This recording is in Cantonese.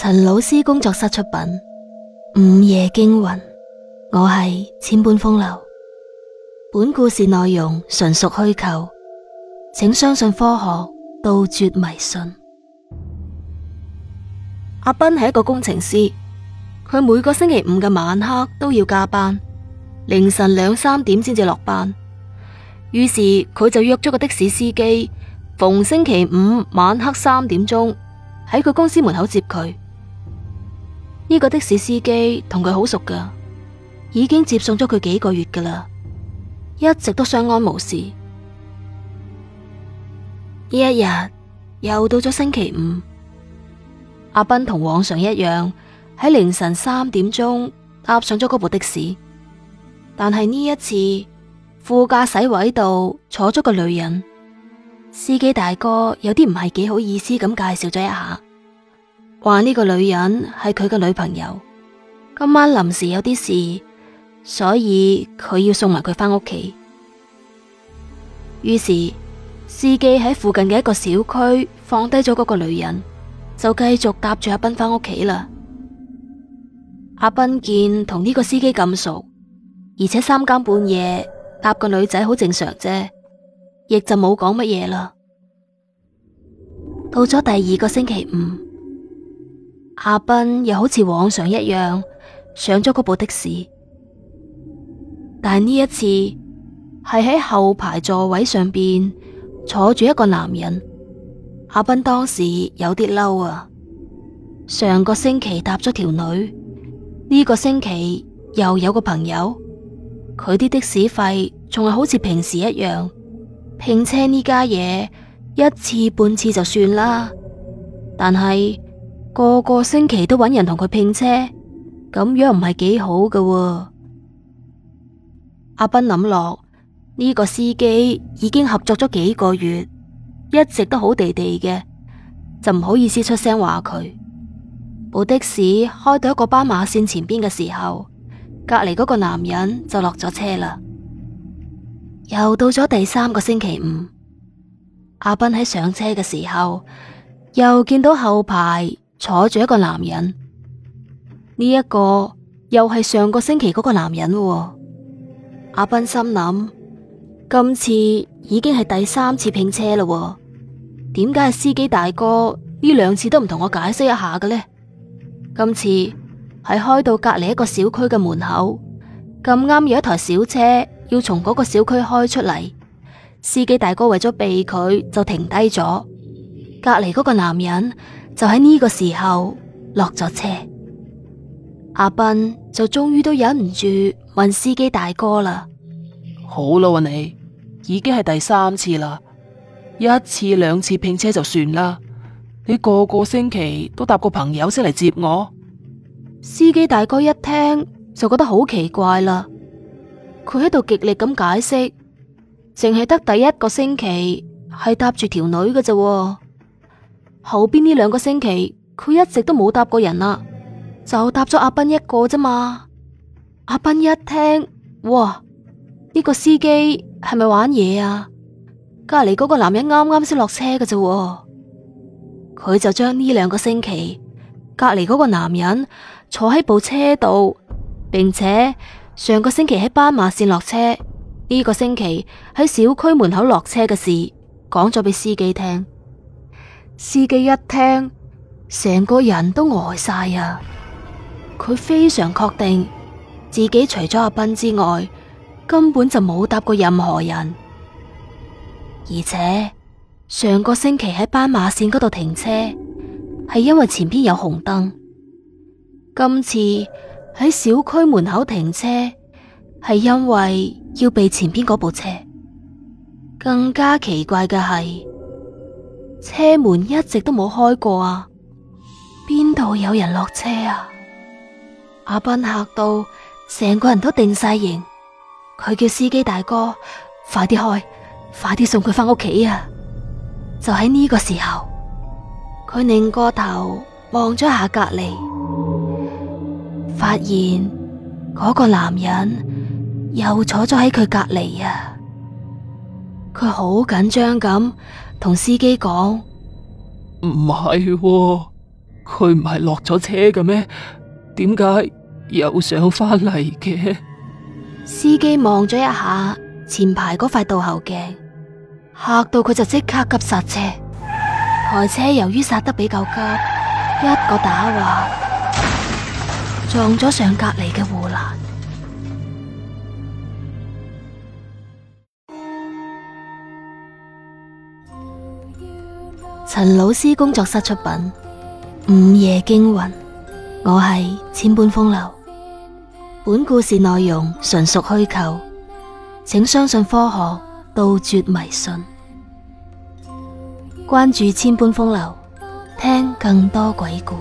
陳老師工作室出品《午夜驚魂》，我係千般風流。本故事內容純屬虛構，請相信科學，杜絕迷信。阿斌係一個工程師，佢每個星期五嘅晚黑都要加班，凌晨兩三點先至落班。於是佢就約咗個的士司機，逢星期五晚黑三點鐘喺佢公司門口接佢。呢個的士司機同佢好熟噶，已經接送咗佢幾個月噶啦，一直都相安無事。呢一日又到咗星期五，阿斌同往常一樣喺凌晨三點鐘搭上咗嗰部的士，但係呢一次副駕駛位度坐咗個女人，司機大哥有啲唔係幾好意思咁介紹咗一下。話呢個女人係佢嘅女朋友，今晚臨時有啲事，所以佢要送埋佢返屋企。於是司機喺附近嘅一個小區放低咗嗰個女人，就繼續搭住阿斌返屋企啦。阿斌見同呢個司機咁熟，而且三更半夜搭個女仔好正常啫，亦就冇講乜嘢啦。到咗第二個星期五。阿斌又好似往常一樣上咗嗰部的士，但係呢一次係喺後排座位上邊坐住一個男人。阿斌當時有啲嬲啊！上個星期搭咗條女，呢個星期又有個朋友，佢啲的士費仲係好似平時一樣拼車呢家嘢一次半次就算啦，但係。個個星期都搵人同佢拼車，咁樣唔係幾好噶喎。阿斌諗落呢個司機已經合作咗幾個月，一直都好地地嘅，就唔好意思出聲話佢。部的士開到一個斑馬線前邊嘅時候，隔籬嗰個男人就落咗車啦。又到咗第三個星期五，阿斌喺上車嘅時候又見到後排，坐住一個男人，呢一個又係上個星期嗰個男人喎。阿斌心諗，今次已經係第三次拼車啦喎，點解係司機大哥呢兩次都唔同我解釋一下嘅呢？」今次係開到隔籬一個小區嘅門口，咁啱有一台小車要從嗰個小區開出嚟，司機大哥為咗避佢就停低咗，隔籬嗰個男人，就喺呢個時候落咗車，阿斌就終於都忍唔住問司機大哥啦：好啦，啊，你已經係第三次啦，一次兩次拼車就算啦，你個個星期都搭個朋友先嚟。接我司機大哥一聽就覺得好奇怪啦，佢喺度極力咁解釋，淨係得第一個星期係搭住條女嘅咋。後邊呢兩個星期，佢一直都冇搭過人啦，就搭咗阿斌一個咋嘛。阿斌一聽，哇，呢個司機係咪玩嘢啊？隔籬嗰個男人啱啱先落車嘅啫，佢就將呢兩個星期隔籬嗰個男人坐喺部車度，並且上個星期喺斑馬線落車，呢個星期喺小區門口落車嘅事講咗俾司機聽。司機一聽，成個人都呆晒呀。佢非常確定自己除咗阿斌之外，根本就冇搭過任何人。而且上個星期喺斑馬線嗰度停車，係因為前邊有紅燈；今次喺小區門口停車，係因為要避前邊嗰部車。更加奇怪嘅係。車門一直都冇開過啊，邊度有人落車啊？阿斌吓到，成個人都定晒型。佢叫司機大哥快啲開，快啲送佢翻屋企啊！就喺呢個時候，佢擰過頭望咗下隔籬，發現嗰個男人又坐咗喺佢隔籬啊！佢好緊張咁。同司機講，唔係，佢唔係落咗車嘅咩？點解又上翻嚟嘅？司機望咗一下前排嗰塊倒後鏡，嚇到佢就即刻急剎車。台車由於剎得比較急，一個打滑，撞咗上隔籬嘅護欄。陳老師工作室出品《午夜驚魂》，我係千般風流。本故事內容純屬虛構，請相信科學，杜絕迷信。關注千般風流，聽更多鬼故。